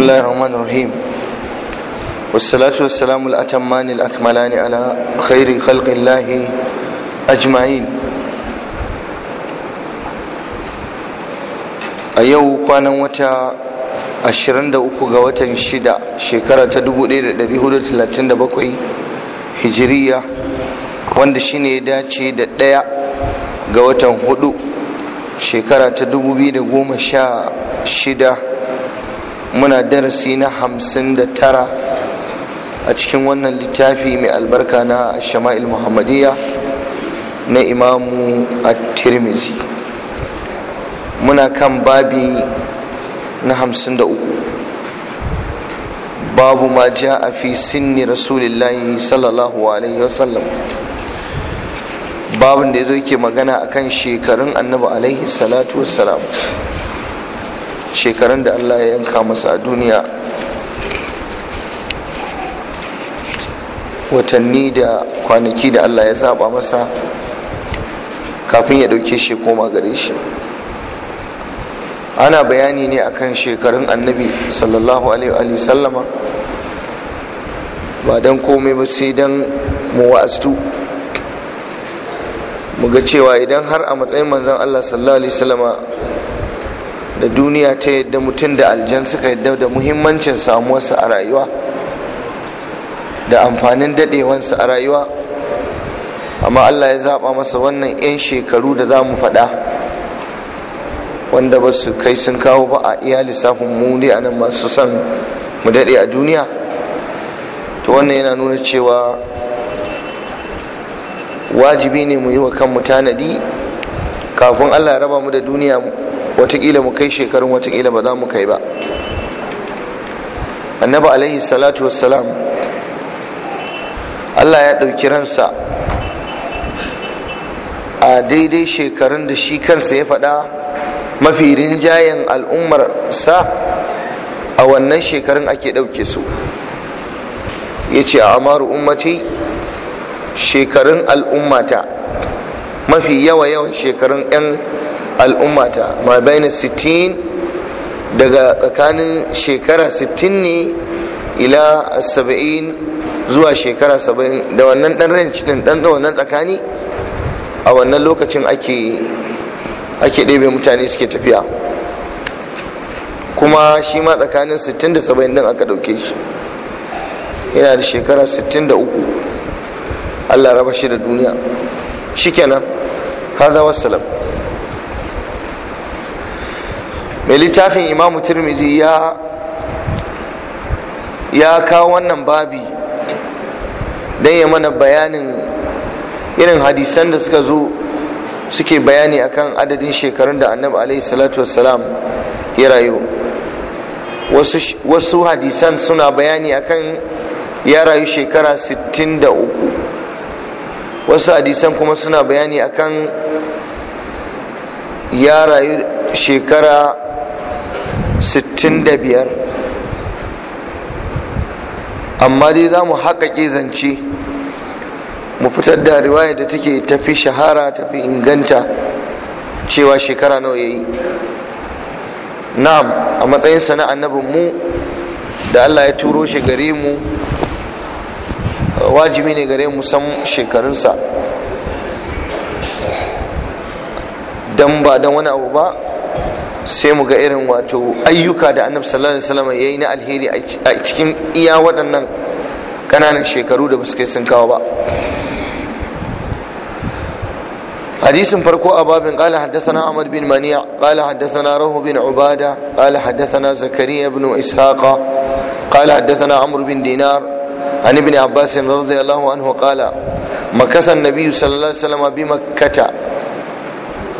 بسم الله الرحمن الرحيم والصلاة والسلام الأتمان الأكملان على خير خلق الله أجمعين a yau kwanan wata 23 ga watan 6 shekara ta 1437 hijiriya wanda shine ya dace da ɗaya ga watan 4 shekara ta 2016 muna darasi na hamsin da tara a cikin wannan littafi mai albarka na shama'il muhammadiyya na imamu a tirmizi muna kan babi na hamsin da uku babu ma ja a fi sinni rasulillahi sallallahu alaihi wasallam babin da ya zo yake magana akan shekarun annabi alaihi salatu wassalam shekarun da allah ya yanka masa a duniya watanni da kwanaki da allah ya zaba masa kafin ya dauke shi koma gare shi ana bayani ne akan shekarun annabi sallallahu alaihi sallama ba don komai ba sai don mu Muga mu ga cewa idan har a matsayin manzon allah sallallahu alaihi sallama da duniya ta yadda mutum da aljan suka yadda da muhimmancin samuwarsa a rayuwa da amfanin dadewansa a rayuwa amma allah ya zaba masa wannan 'yan shekaru da za mu faɗa wanda ba su kai sun kawo ba a iya lissafin muni a nan masu son mu daɗe a duniya to wannan yana nuna cewa wajibi ne mu yi wa kanmu tanadi kafin allah ya raba mu da duniya watakila mu kai shekarun watakila ba za mu kai ba annabi alaihi salatu wassalam allah ya ɗauki ransa a daidai shekarun da shi kansa ya faɗa mafi rinjayen al'ummar sa a wannan shekarun ake ɗauke su ya ce a amaru ummati shekarun al'ummata mafi yawa yawan shekarun 'yan al'ummata ma baina sittin daga tsakanin shekara sittin ne ila saba'in zuwa shekara saba'in da wannan dan ranci din dan wannan tsakani a wannan lokacin ake ake ɗebe mutane suke tafiya kuma shi ma tsakanin 60 da 70 din aka ɗauke shi yana da shekara 63 allah raba shi da duniya shikenan haza wassalam mai littafin imamu tirmizi ya ya kawo wannan babi don ya mana bayanin irin hadisan da suka zo suke bayani akan adadin shekarun da annabi alaihi salatu wassalam ya rayu wasu hadisan suna bayani akan ya rayu shekara 63 wasu hadisan kuma suna bayani akan ya rayu shekara Sittin da biyar. amma dai za mu haƙaƙe zance mu fitar da riwaya da take tafi shahara tafi inganta cewa shekara nawa ya yi na'am a matsayin sana annabin mu da allah ya turo shi gare mu wajibi ne gare mu san shekarunsa don ba don wani abu ba sai mu ga irin wato ayyuka da annabi sallallahu alaihi wasallam yayi na alheri a cikin iya waɗannan ƙananan shekaru da basu kai sun kawo ba حديث فرقوا أباب قال حدثنا عمر بن منيع قال حدثنا روح بن عبادة قال حدثنا زكريا بن إسحاق قال حدثنا عمرو بن دينار عن ابن عباس رضي الله عنه قال مكث النبي صلى الله عليه وسلم بمكة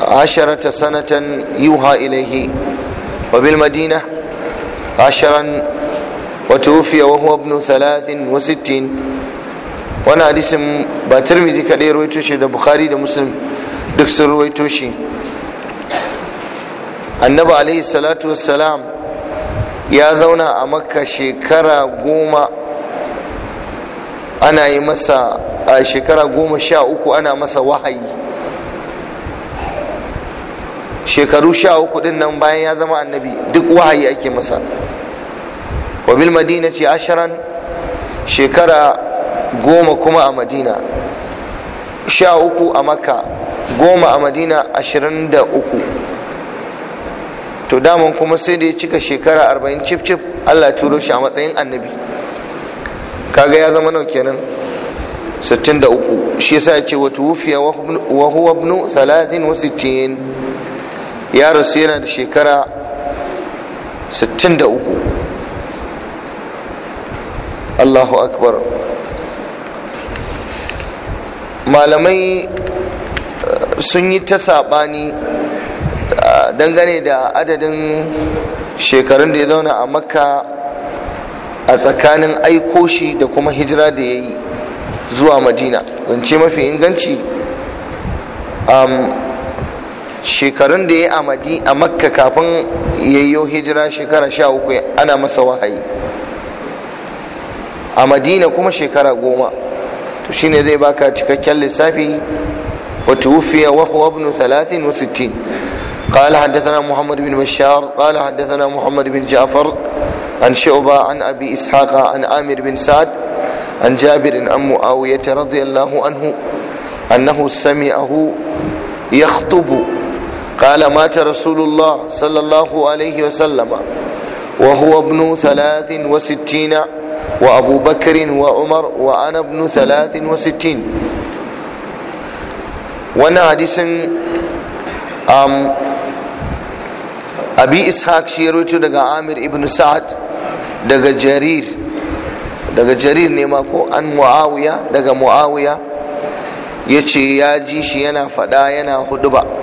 عشرة سنة يوحى إليه وبالمدينة عشرا وتوفي وهو ابن ثلاث وستين وانا حديث با ترمذي كده رويتو شي ده بخاري ده مسلم duk sun ruwaito shi annabi alaihi salatu wassalam ya zauna a makka a shekara goma sha uku ana masa wahayi shekaru sha uku din nan bayan ya zama annabi duk wahayi ake masa wa bil ce ashiran shekara goma kuma a madina sha uku a makka goma a madina ashirin da uku to daman kuma sai da ya cika shekara arba'in cif cif allah turo shi a matsayin annabi kaga ya zama nau kenan 63 shi yasa ya ce wata wufiya wa huwa ibnu 63 ya rasu yana da shekara 63 Allahu akbar malamai eh, sun yi ta saɓani eh, dangane da adadin shekarun da ya zauna a makka a tsakanin aiko shi da kuma hijira da ya yi zuwa madina zance mafi inganci um, shekarun da ya amadi a makka kafin yayyo hijira shekara sha uku ana masa wahayi a madina kuma shekara goma to shine zai baka cikakken lissafi wa tuwfiya wa huwa ibn 63 قال حدثنا محمد بن بشار قال حدثنا محمد بن جعفر عن شعبة عن أبي إسحاق عن an بن سعد عن جابر عن معاوية رضي الله عنه أنه سمعه يخطب قال مات رسول الله صلى الله عليه وسلم وهو ابن ثلاث وستين وأبو بكر وعمر وأنا ابن ثلاث وستين وانا حديث أم أبي إسحاق شيروتو دقا عامر ابن سعد دقا جرير دقا جرير نيماكو أن معاوية دقا معاوية يتشي ياجي شي ينا فدا ينا خدبا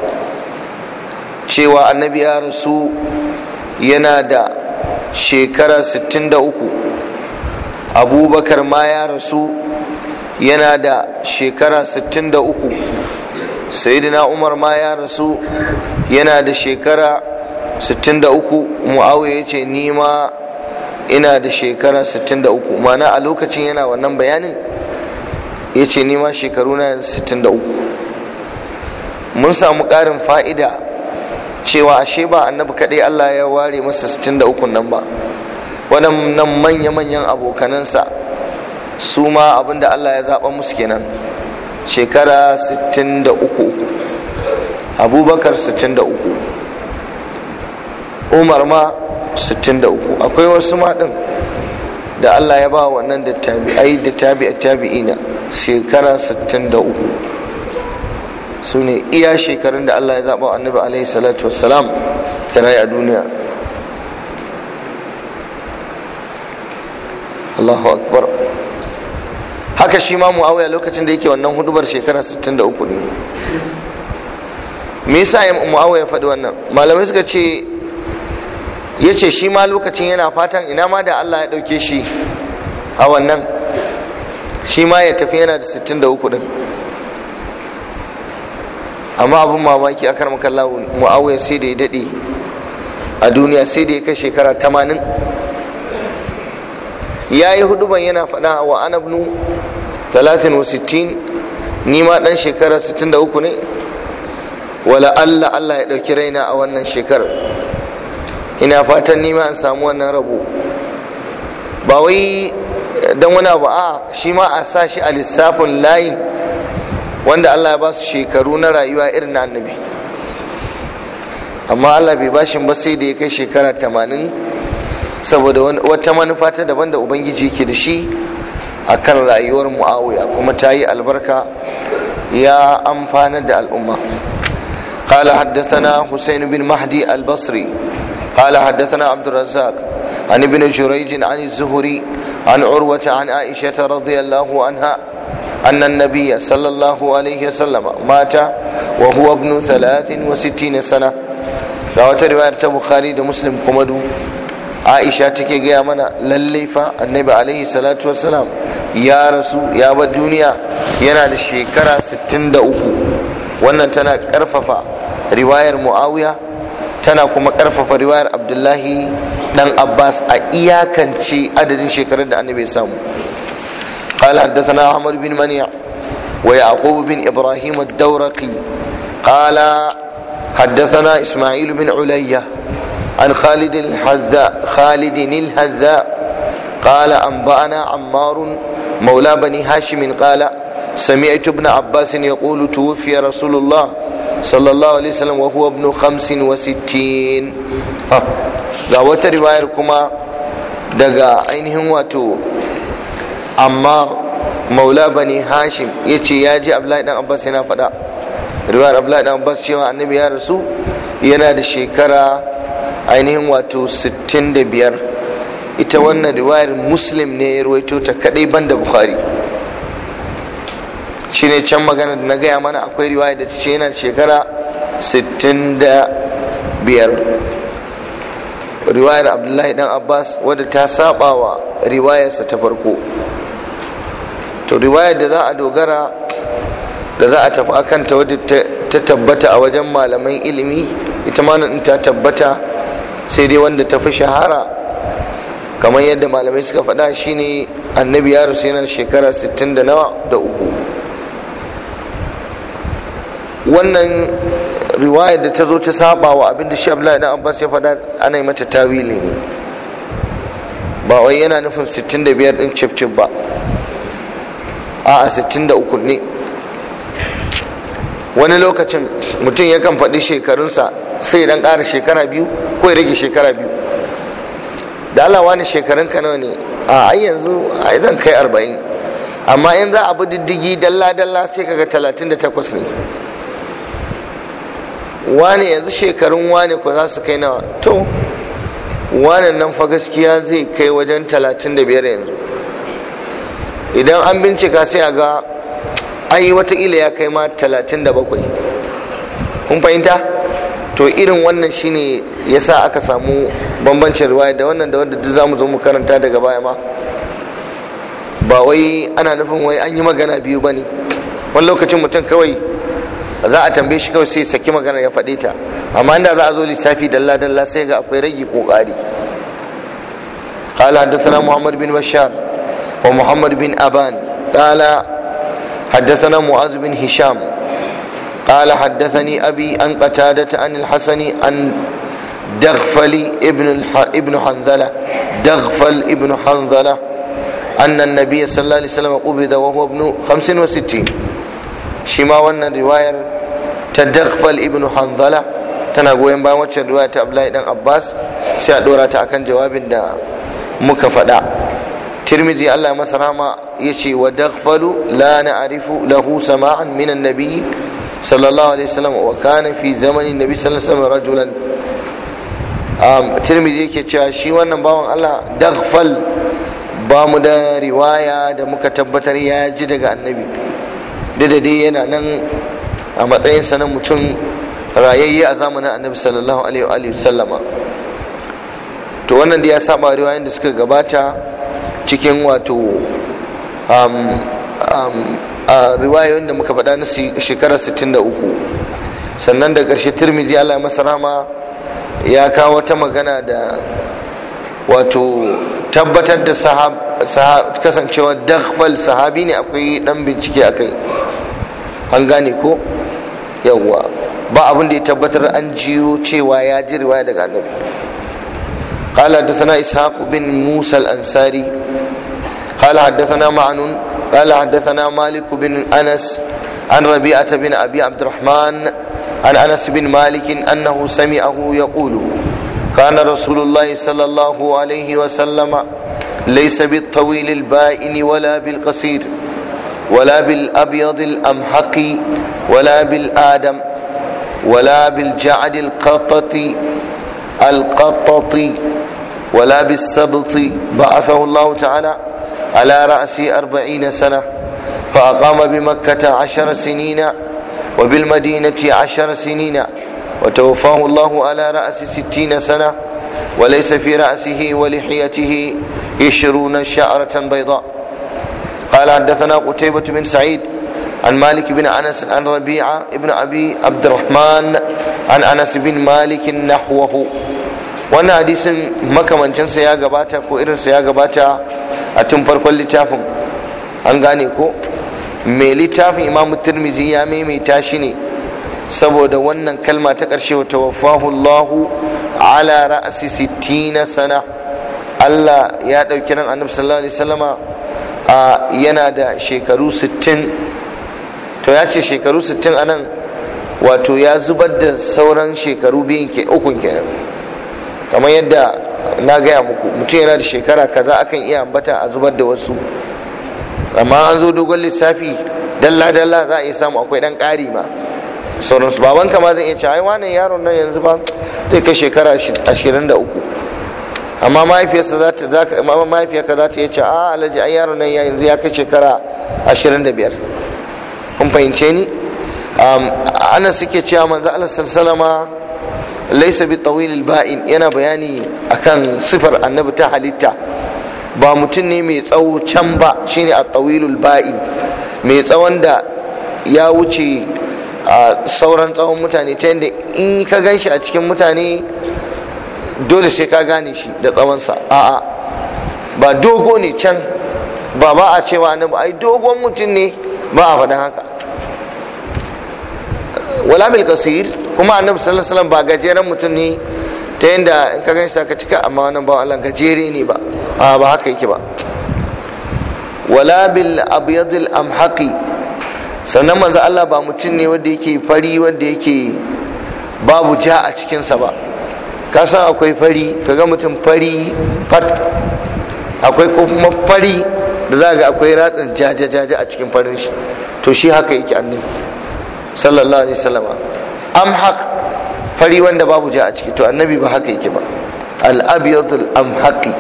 cewa annabi ya rasu yana da shekara 63 abubakar ma ya rasu yana da shekara 63 sayidina umar ma ya rasu yana da shekara 63 muawiya ya ce ni ma ina da shekara 63 mana a lokacin yana wannan bayanin ya ce ni ma shekaru na 63 mun samu ƙarin fa'ida cewa ashe ba annabi kaɗai Allah ya ware masa 63 nan ba waɗannan manya-manyan abokanansa su ma abinda Allah ya zaɓa musu kenan shekara 63 abubakar 63 umar ma 63 akwai wasu maɗin da Allah ya ba wannan da tabi'ai da tabi'a tabi'ina shekara 63 su ne iya shekarun da Allah ya zaɓa annabi alaihi salatu wassalam ya rayu a duniya Allahu akbar haka shi ma muawiya lokacin da yake wannan hudubar shekara 63 ne me yasa ya muawiya faɗi wannan malamai suka ce ya ce shi ma lokacin yana fatan ina ma da Allah ya ɗauke shi a wannan shi ma ya tafi yana da 63 din amma abin mamaki a karam kallahu mu'awiyar sai da ya daɗe a duniya sai da ya kai shekara tamanin ya yi hudu ban yana faɗa wa anabnu 360 ni ma ɗan shekara 63 ne wala Allah Allah ya ɗauki raina a wannan shekarar ina fatan nima an samu wannan rabo ba wai don wani abu a shi ma a sa shi a lissafin layin wanda Allah ya ba su shekaru na rayuwa irin na annabi amma Allah bai bashin ba sai da ya kai shekara tamanin saboda wata manufa ta daban da ubangiji ke da shi a kan rayuwar mu'awiya kuma ta yi albarka ya amfanar da al'umma قال حدثنا حسين بن مهدي البصري قال حدثنا عبد الرزاق عن ابن جريج عن الزهري عن عروة عن عائشة رضي الله عنها أن النبي صلى الله عليه وسلم مات وهو ابن ثلاث وستين سنة رواية رواية بخاري ومسلم كمدو aisha take gaya mana lalle fa annabi alaihi salatu wassalam ya rasu ya bar duniya yana da shekara uku, wannan tana karfafa riwayar muawiya tana kuma karfafa riwayar abdullahi dan abbas a iyakance adadin shekarar da annabi ya samu قال حدثنا عمر بن منيع ويعقوب بن إبراهيم الدورقي قال حدثنا إسماعيل بن علية عن خالد الحذاء خالد الهذاء قال أنبأنا عمار مولى بني هاشم قال سمعت ابن عباس يقول توفي رسول الله صلى الله عليه وسلم وهو ابن خمس وستين ga wata riwayar kuma daga ainihin wato Amma maula bani hashim ya ce ya ji abdullahi dan abbas yana faɗa riwayar abdullahi dan abbas cewa annabi ya rasu yana da shekara ainihin wato 65 ita wannan riwayar muslim ne ya ruwaito ta kadai banda bukhari shine can magana da na gaya mana akwai riwaya da ta ce yana da shekara 65 riwayar abdullahi dan abbas wadda ta saba wa riwayarsa ta farko to riwayar da za a dogara da za a tafi akan ta wadda ta tabbata a wajen malaman ilimi ita ma in ta tabbata sai dai wanda ta fi shahara kamar yadda malamai suka faɗa shine annabi ya rasu yana shekara 60 da nawa da uku wannan riwayar da ta zo ta saba wa abinda shi abdullahi dan abbas ya faɗa ana yi mata tawili ne ba wai yana nufin 65 din cif ba a 63 ne wani lokacin mutum yakan faɗi shekarunsa sai dan ƙara shekara biyu ko ya rage shekara biyu da alawa ne shekarun ka nawa ne a ai yanzu ai zan kai arba'in amma in za a bi diddigi dalla dalla sai kaga talatin da takwas ne wani yanzu shekarun wani ko za su kai nawa to wani nan fa gaskiya zai kai wajen talatin da biyar yanzu idan an bincika sai a ga ai watakila ya kai ma 37 kun fahimta to irin wannan shine yasa aka samu bambancin ruwa? da wannan da wanda duk mu zo mu karanta daga baya ma ba wai ana nufin wai an yi magana biyu ba ne? wani lokacin mutum kawai za a tambaye shi kawai sai saki magana ya faɗe ta amma inda za a zo lissafi dalla dalla sai ga akwai rage ƙoƙari. ƙari قال حدثنا محمد بن بشار ومحمد بن أبان قال حدثنا معاذ بن هشام قال حدثني أبي عن قتادة عن الحسن عن دغفل ابن الح... ابن حنظلة دغفل ابن حنظلة أن النبي صلى الله عليه وسلم قبض وهو ابن 65 شما wannan riwayar ta Daghfal ibn Hanzala tana goyon bayan waccan riwaya ta Abdullahi dan Abbas sai a dora ta akan jawabin da muka faɗa tirmizi Allah masa rama ce wa dagfalu la na'rifu lahu sama'an min an-nabi sallallahu alaihi wasallam wa kana fi zamanin nabi sallallahu alaihi wasallam rajulan um, tirmizi yake cewa shi wannan bawan Allah dagfal ba mu da riwaya da muka tabbatar ya ji daga annabi da dai yana nan a matsayinsa na mutum rayayye a zamanin annabi sallallahu alaihi wa sallama to wannan da ya saba riwayoyin da suka gabata cikin wato um, um, riwayoyin da muka faɗa na shekarar 63 sannan da ƙarshe Turmiji, allah masa rama ya kawo wata magana da wato tabbatar da kasancewa Dagfal sahabi ne akwai dan bincike a kai an gane ko yawwa ba abin da ya tabbatar an jiyo cewa ya ji riwaya daga annabi قال حدثنا إسحاق بن موسى الأنصاري قال حدثنا معن قال حدثنا مالك بن أنس عن ربيعة بن أبي عبد الرحمن عن أنس بن مالك أنه سمعه يقول كان رسول الله صلى الله عليه وسلم ليس بالطويل البائن ولا بالقصير ولا بالأبيض الأمحق ولا بالآدم ولا بالجعد القطة القطط ولا بالسبط بعثه الله تعالى على رأس أربعين سنة فأقام بمكة عشر سنين وبالمدينة عشر سنين وتوفاه الله على رأس ستين سنة وليس في رأسه ولحيته عشرون شعرة بيضاء قال حدثنا قتيبة بن سعيد عن مالك بن أنس عن ربيعة بن أبي عبد الرحمن عن أنس بن مالك نحوه wannan hadisin makamancinsa ya gabata ko irinsa ya gabata a tun farkon littafin an gane ko mai littafin imamu turmizi ya maimaita shi ne saboda wannan kalma ta ƙarshe wata wafahu allahu ala ra'asi sittina sana allah ya ɗauki nan annabi sallallahu alaihi wasallama yana da shekaru sittin to ya ce shekaru 60 anan wato ya zubar da sauran shekaru biyun ke ukun kenan kamar yadda na gaya muku mutum yana da shekara kaza akan iya ambata a zubar da wasu amma an zo dogon lissafi dalla-dalla za a iya samu akwai dan ƙari ma sauransu baban kama zai iya ce ai wannan yaron nan yanzu ba zai kai shekara ashirin da uku amma mahaifiyarsa za ta za mahaifiyarka za ta iya ce a alhaji ai yaron nan yanzu ya kai shekara ashirin da biyar kun fahimce ni ana suke cewa manzo Allah sallallahu laisa bi tawilil ba'in yana bayani akan sifar annabi ta halitta ba mutum ne mai tsawo can ba shine a tawilul ba'in mai tsawon da ya wuce a sauran tsawon mutane ta yadda in ka gan shi a cikin mutane dole sai ka gane shi da tsawonsa a'a ba dogo ne can ba ba a cewa annabi ai dogon mutum ne ba a faɗin haka wala mil kasir kuma annabi sallallahu alaihi wasallam ba gajeren mutum ne ta yadda in ka gaisa ka cika amma wannan ba Allah gajere ne ba ba haka yake ba wala bil al amhaqi sannan manzo Allah ba mutum ne wanda yake fari wanda yake babu ja a cikinsa ba ka san akwai fari kaga mutum fari fat akwai kuma fari da za ga akwai ratsin jajajaja a cikin farin shi to shi haka yake annabi sallallahu alaihi wasallam am haq fari wanda babu ja a ciki to annabi ba haka yake ba al abyadul am haqi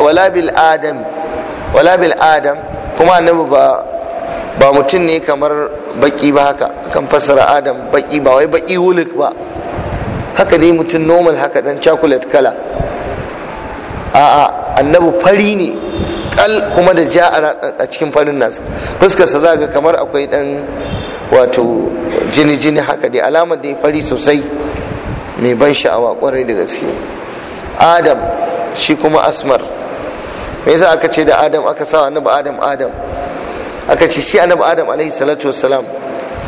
wala bil adam wala bil adam kuma annabi ba ba mutum ne kamar baki ba haka kan fassara adam baki ba wai baki wulik ba haka dai mutum normal haka dan chocolate kala a'a annabi fari ne kal kuma da ja a cikin farin nasa fuskar za zaga kamar akwai dan wato jini jini haka dai alamar da ya fari sosai mai ban sha'awa kwarai da gaske adam shi kuma asmar me yasa aka ce da adam aka sa annabi adam adam aka ce shi annabi adam alaihi salatu wassalam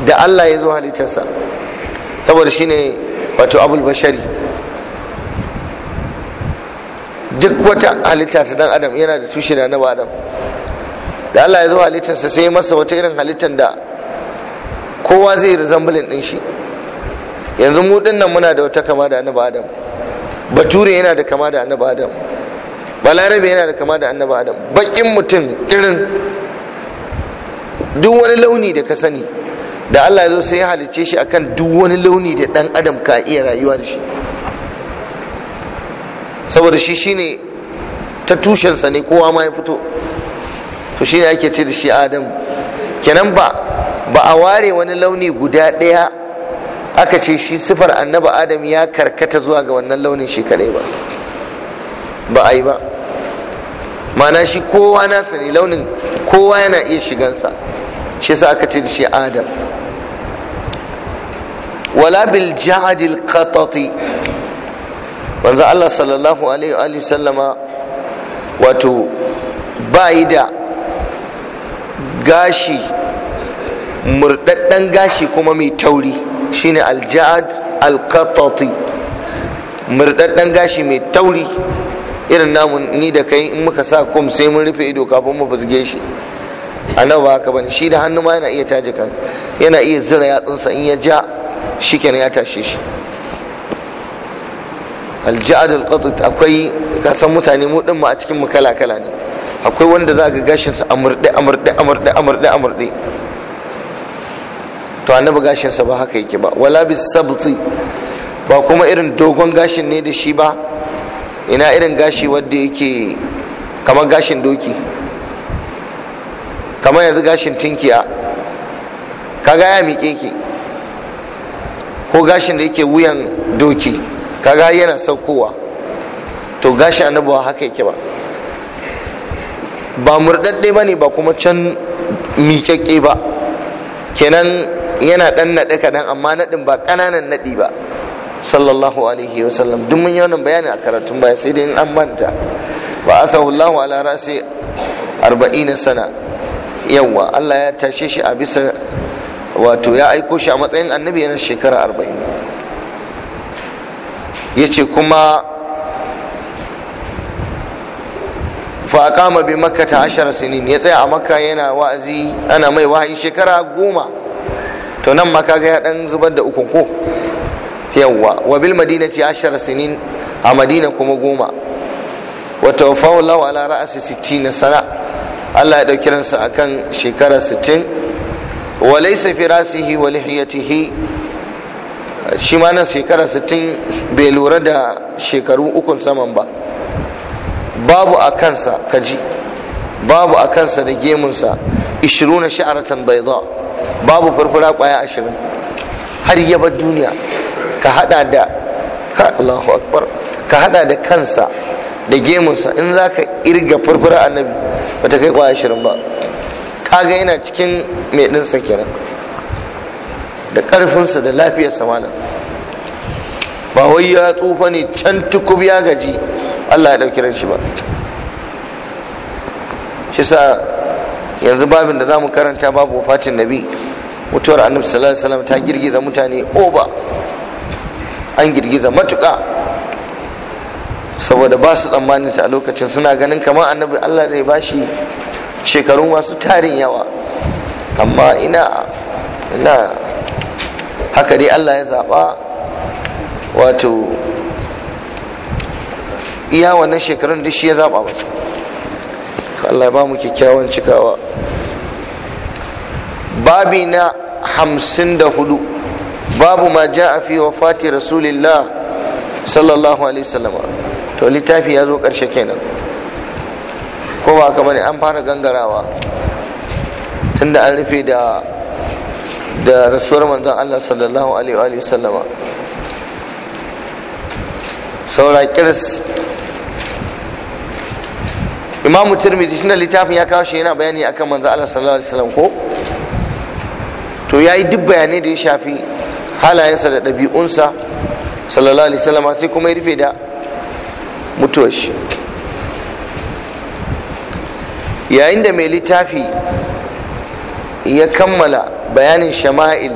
da Allah ya zo halittarsa saboda shine wato abul bashari duk wata halitta ta dan adam yana da tushe da annabi adam da Allah ya zo halittarsa sai masa wata irin halittar da kowa zai resemble din shi yanzu mu nan muna da wata kama da annabi adam bature yana da kama da annabi adam balarabe yana da kama da annabi adam bakin mutum irin duk wani launi da ka sani da Allah ya zo sai ya halicce shi akan duk wani launi da dan adam ka iya rayuwa da shi saboda shi shine ta tushensa ne kowa ma ya fito to shine ake ce da shi adam kenan ba ba a ware wani launi guda ɗaya aka ce shi sifar annaba adam ya karkata zuwa ga wannan launin shi ba ba a yi ba mana shi kowa nasa ne launin kowa yana iya shigansa shi sa aka ce da shi adam wala bil ja'adil qatati Wanzu Allah sallallahu alaihi wa sallama wato bayi da gashi murdaddan gashi kuma mai tauri shine aljad alqatati murdaddan gashi mai tauri irin namu ni da kai in muka sa kum sai mun rufe ido kafin mu buzge shi a ba haka bane shi da hannu ma yana iya taje kan yana iya zira yatsunsa in ya ja shikenan ya tashe shi aljihad alqatat akwai ka san mutane mu din mu a cikin mu kala kala ne akwai wanda za ga gashin sa amurde amurde amurde amurde amurde to annabi gashin sa ba haka yake ba wala bis sabti ba kuma irin dogon gashin ne da shi ba ina irin gashi wanda yake kamar gashin doki kamar yanzu gashin tinkiya kaga ya miƙe ki ko gashin da yake wuyan doki kaga yana saukowa to gashi annabi haka yake ba ba murdadde bane ba kuma can miƙaƙƙe ba kenan yana dan naɗe kaɗan amma naɗin ba ƙananan naɗi ba sallallahu alaihi wa sallam duk mun yi wannan bayani a karatun baya sai dai in an manta ba asahullahu ala rasi arba'ina sana yawa Allah ya tashe shi a bisa wato ya aiko shi a matsayin annabi yana shekara arba'in Ya ce kuma fa kama bi makkata ashirar sinin ya tsaya a makka yana wa'azi ana mai wa'in shekara goma to nan ma ga ya dan zubar da ukun ko yawwa wa bil madinati ashirar sinin a madina kuma goma Wata tawaffahu lahu ala ra'si na sana Allah ya ɗauki ransa akan shekara sittin. wa laisa fi rasihi wa lihiyatihi shi ma nan shekara 60 bai lura da shekaru ukun saman ba babu a kansa kaji babu a kansa da gemunsa 20 sha'aratan bayda babu furfura kwaya 20 har ya duniya ka hada da ka Allahu akbar ka hada da kansa da gemunsa in za ka irga furfura annabi ba ta kai kwaya 20 ba kaga yana cikin mai ɗinsa kenan da karfinsa da lafiyarsa malam ba wai ya tsufa ne can tukub ya gaji Allah ya ɗauki shi ba shi sa yanzu babin da za mu karanta babu wafatin nabi mutuwar annabi sallallahu alaihi wasallam ta girgiza mutane oba an girgiza matuƙa saboda ba su tsammanin ta a lokacin suna ganin kamar annabi Allah zai ba shi shekaru masu tarin yawa amma ina ina haka dai allah ya zaɓa wato iya wannan shekarun da shi ya zaɓa masu allah ba mu kyakkyawan cikawa babi na hamsin da hudu babu ma ja a fi wa Fati rasulillah sallallahu alaihi wasallam to littafi ya zo ƙarshe kenan ko ba ka bane an fara gangarawa tunda an rufe da da rasuwar manzon Allah sallallahu alaihi wa sallama saura kiris imamu tirmidhi shi littafin ya kawo shi yana bayani akan manzon Allah sallallahu alaihi wa sallam ko to ya yi duk bayanai da ya shafi halayensa da ɗabi'unsa sallallahu alaihi wasallam sai kuma ya rufe da mutuwar shi yayin da mai littafi ya kammala bayanin shama'il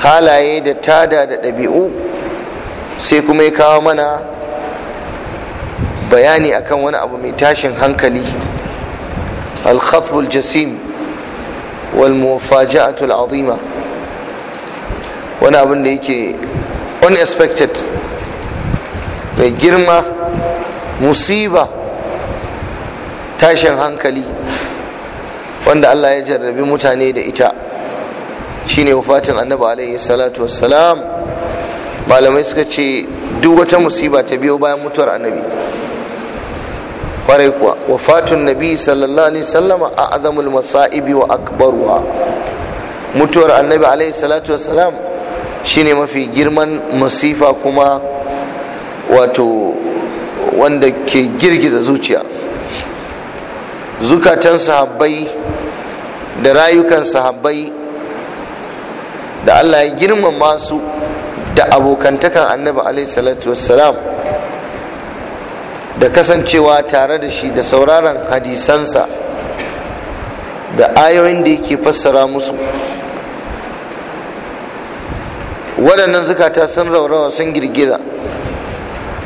halaye da tada da ɗabi'u sai kuma ya kawo mana bayani akan wani abu mai tashin hankali alkhatbul jasim wal mufaja'atul azima wani abin da yake unexpected mai girma musiba tashin hankali wanda Allah ya jarrabi mutane da ita shine wafatin annabi alaihi salatu wassalam malamai suka ce duk wata musiba ta biyo bayan mutuwar annabi kwarai kuwa wafatun nabi sallallahu alaihi sallama a azamul masa'ibi wa akbaruwa mutuwar annabi alaihi salatu wassalam shine mafi girman masifa kuma wato wanda ke girgiza zuciya zukatan sahabbai da rayukan sahabbai da Allah ya girmama su da abokantakan annabi alaihi salatu wassalam da kasancewa tare da shi da sauraron hadisansa da ayoyin da yake fassara musu waɗannan zukata sun raurawa sun girgiza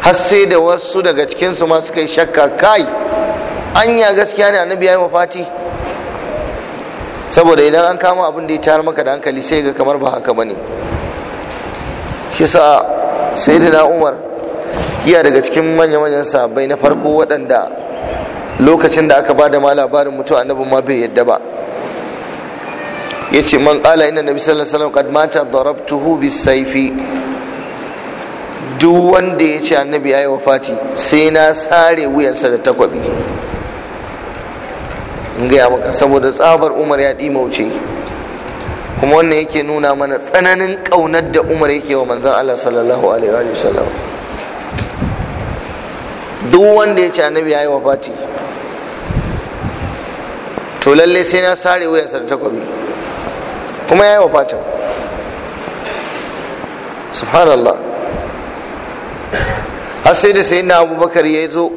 har sai da wasu daga cikinsu ma suka yi shakka kai anya gaskiya ne annabi ya yi mafati saboda idan an kama abin da ya tayar maka da hankali sai ga kamar ba haka bane shi sa sayyidina umar iya daga cikin manya-manyan sahabbai na farko waɗanda lokacin da aka bada ma labarin mutu annabin ma bai yadda ba yace man qala inna nabi sallallahu alaihi wasallam qad mata darabtuhu bis sayfi duk wanda ya yace annabi yayi wafati sai na sare wuyarsa da takwabi in gaya maka saboda tsabar umar ya ɗimauce kuma wannan yake nuna mana tsananin ƙaunar da umar yake wa manzan Allah sallallahu alaihi wa sallam duk wanda ya ci annabi ya yi wafati to lalle sai na sare wuyansa da takobi kuma ya yi wafatin subhanallah har sai da sai na abubakar ya zo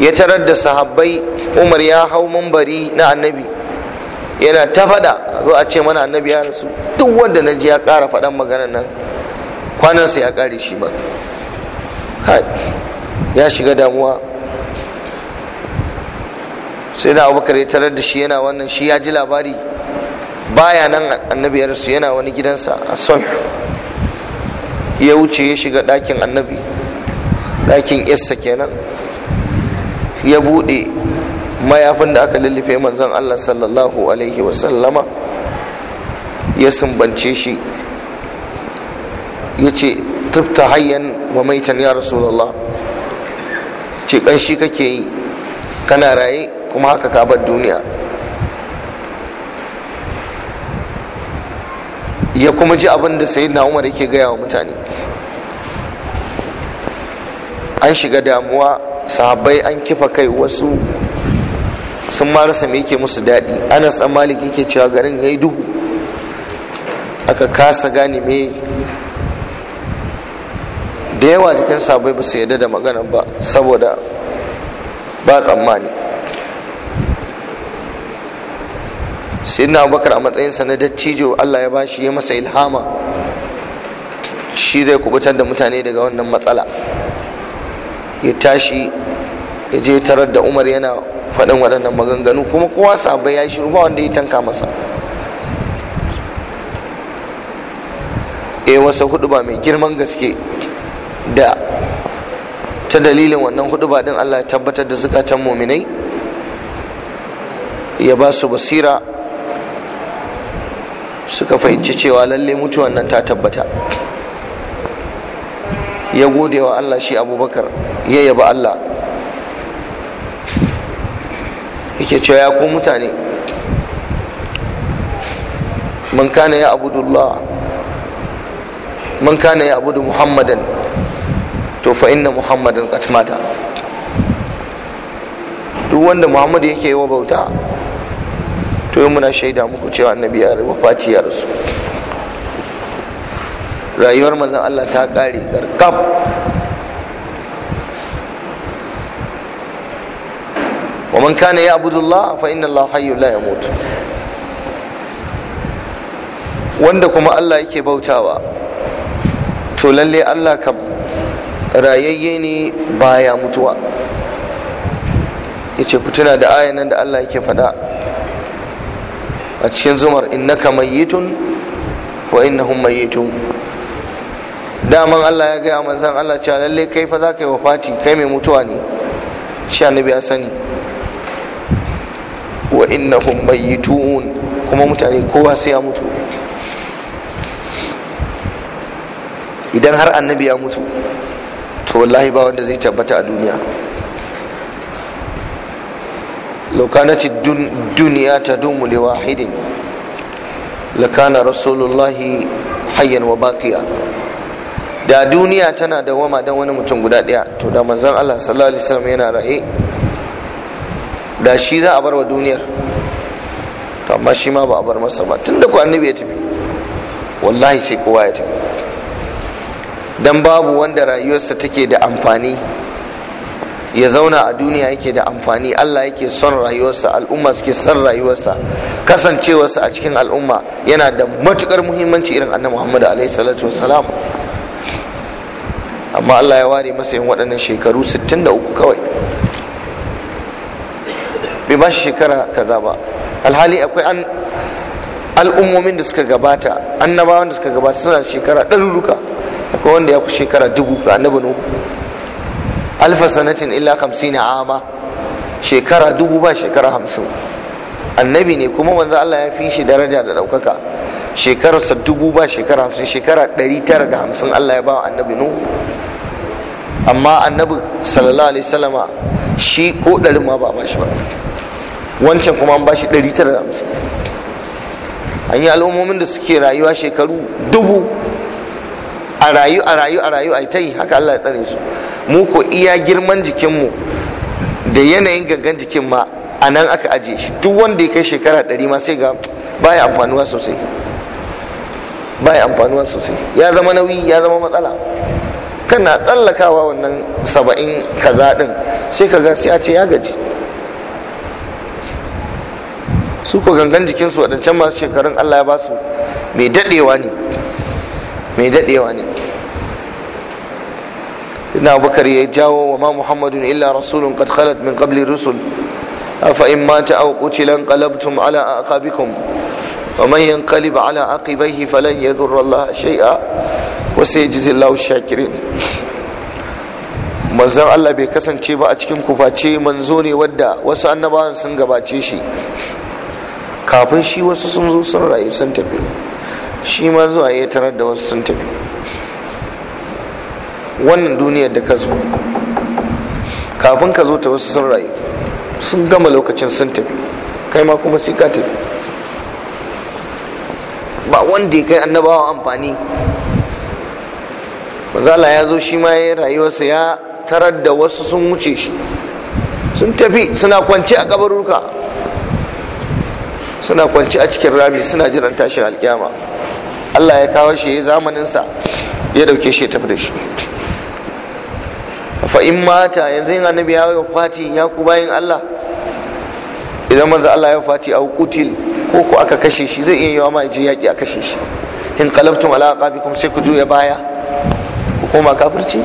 ya tarar da sahabbai umar ya hau mambari na annabi yana ta faɗa zo a ce mana annabi ya rasu duk wanda na ji ya ƙara faɗan maganar nan kwanansa ya ƙare shi ba ya shiga damuwa sai da abubakar ya tarar da shi yana wannan shi ya ji labari baya nan annabi ya rasu yana wani gidansa a sol ya wuce ya shiga ɗakin annabi ɗakin yassa kenan ya buɗe mayafin da aka lullufe manzon Allah sallallahu alaihi wasallama ya sumbance shi ya ce tufta hayyan wa maitan ya rasulallah ce ƙanshi kake yi kana raye kuma haka ka bar duniya ya kuma ji abin da sayyidina umar yake gaya wa mutane an shiga damuwa sahabbai an kifa kai wasu sun ma rasa yake musu daɗi ana dan yake cewa garin ya yi duhu aka kasa gane me da yawa jikin sabai ba su yarda da magana ba saboda ba tsammani sayyidina abubakar a matsayinsa na dattijo allah ya bashi ya masa ilhama shi zai kubutar da mutane daga wannan matsala ya tashi ya je tarar da umar yana faɗin waɗannan maganganu kuma kowa sabai ya yi shiru ba wanda ya tanka masa e wasa ba mai girman gaske da ta dalilin wannan ba ɗin Allah ya tabbatar da zukatan muminai ya ba su basira suka fahimci cewa lalle mutuwan nan ta tabbata ya gode wa Allah shi abubakar ya yaba Allah yake cewa ya ku mutane man kana ya abudullah man kana ya abudu muhammadan to fa inna muhammadan qad mata duk wanda muhammad yake yi wa bauta to yi muna shaida muku cewa annabi ya fati ya rasu rayuwar mazan Allah ta kare garkaf wa man kana ya'budu Allah fa inna Allah hayyun la yamut wanda kuma Allah yake bautawa to lalle Allah ka rayayye ne baya mutuwa yace ku tuna da ayanan da Allah yake faɗa a cikin zumar innaka mayyitun wa innahum mayyitun daman Allah ya gaya manzan Allah cewa lalle kai fa za ka yi wafati kai mai mutuwa ne shi annabi ya sani wa innahum mayyitun kuma mutane kowa sai ya mutu idan har annabi ya mutu to wallahi ba wanda zai tabbata a duniya lokanati duniya ta dumu wahidin lakana rasulullahi hayyan wa baqiya da duniya tana da wama dan wani mutum guda ɗaya to da manzon Allah sallallahu alaihi wasallam yana ra'ayi da shi za a bar wa duniyar to amma shi ma ba a bar masa ba tunda ku annabi ya tafi wallahi sai kowa ya tafi dan babu wanda rayuwarsa take da amfani ya zauna a duniya yake da amfani Allah yake son rayuwarsa al'umma suke son rayuwarsa kasancewarsa a cikin al'umma yana da matukar muhimmanci irin annabi Muhammad alaihi salatu wasalam amma Allah ya ware masa yin waɗannan shekaru 63 kawai bai ba shi shekara kaza ba alhali akwai an al'ummomin da suka gabata annabawan da suka gabata suna da shekara ɗaruruka akwai wanda ya ku shekara dubu ga annabi nuhu alfa sanatin illa hamsin ama shekara dubu ba shekara hamsin annabi ne kuma wanzu Allah ya fi shi daraja da ɗaukaka shekararsa dubu ba shekara hamsin shekara ɗari tara da hamsin Allah ya ba wa annabi nuhu amma annabi sallallahu alaihi wasallama shi ko ɗarin ma ba bashi ba wancan kuma an bashi ɗari tara da hamsin an yi al'ummomin da suke rayuwa shekaru dubu a rayu a rayu a rayu a ta yi haka Allah ya tsare su mu ko iya girman jikinmu da yanayin gangan jikin ma a nan aka ajiye shi duk wanda ya kai shekara ɗari ma sai ga baya amfanuwa sosai baya amfanuwa sosai ya zama nauyi ya zama matsala kana tsallakawa wannan saba'in kaza din sai ka ga sai ce ya gaji su ko gangan jikinsu waɗancan masu shekarun allah ya ba su mai daɗewa ne mai daɗewa ne ina bakar ya jawo wa ma Muhammadu illa rasulun qad khalat min qabli rusul afa in a aw qutila qalabtum ala aqabikum ومن ينقلب على عقبيه فلن يضر الله شيئا وسيجزي الله الشاكرين manzon Allah bai kasance ba a cikin face manzo ne wadda wasu annabawan sun gabace shi kafin shi wasu sun zo sun rayu sun tafi shi ma zuwa ya tarar da wasu sun tafi wannan duniyar da ka zo kafin ka zo ta wasu sun rayu sun gama lokacin sun tafi kai ma kuma sai ka tafi ba wanda ya kai annabawa amfani manzala ya zo shi ma ya rayuwarsa ya tarar da wasu sun wuce shi sun tafi suna kwance a kabaruka suna kwance a cikin rami suna jiran tashin alkyama allah ya kawo shi ya zamaninsa ya dauke shi ya tafi da shi fa'in mata yanzu yin annabi ya yi fati ya ku bayin allah idan manzo allah ya fati a kutil ko ko aka kashe shi zai iya yawa ma je yaƙi a kashe shi in alaƙa bi kuma sai ku juya baya ku koma kafirci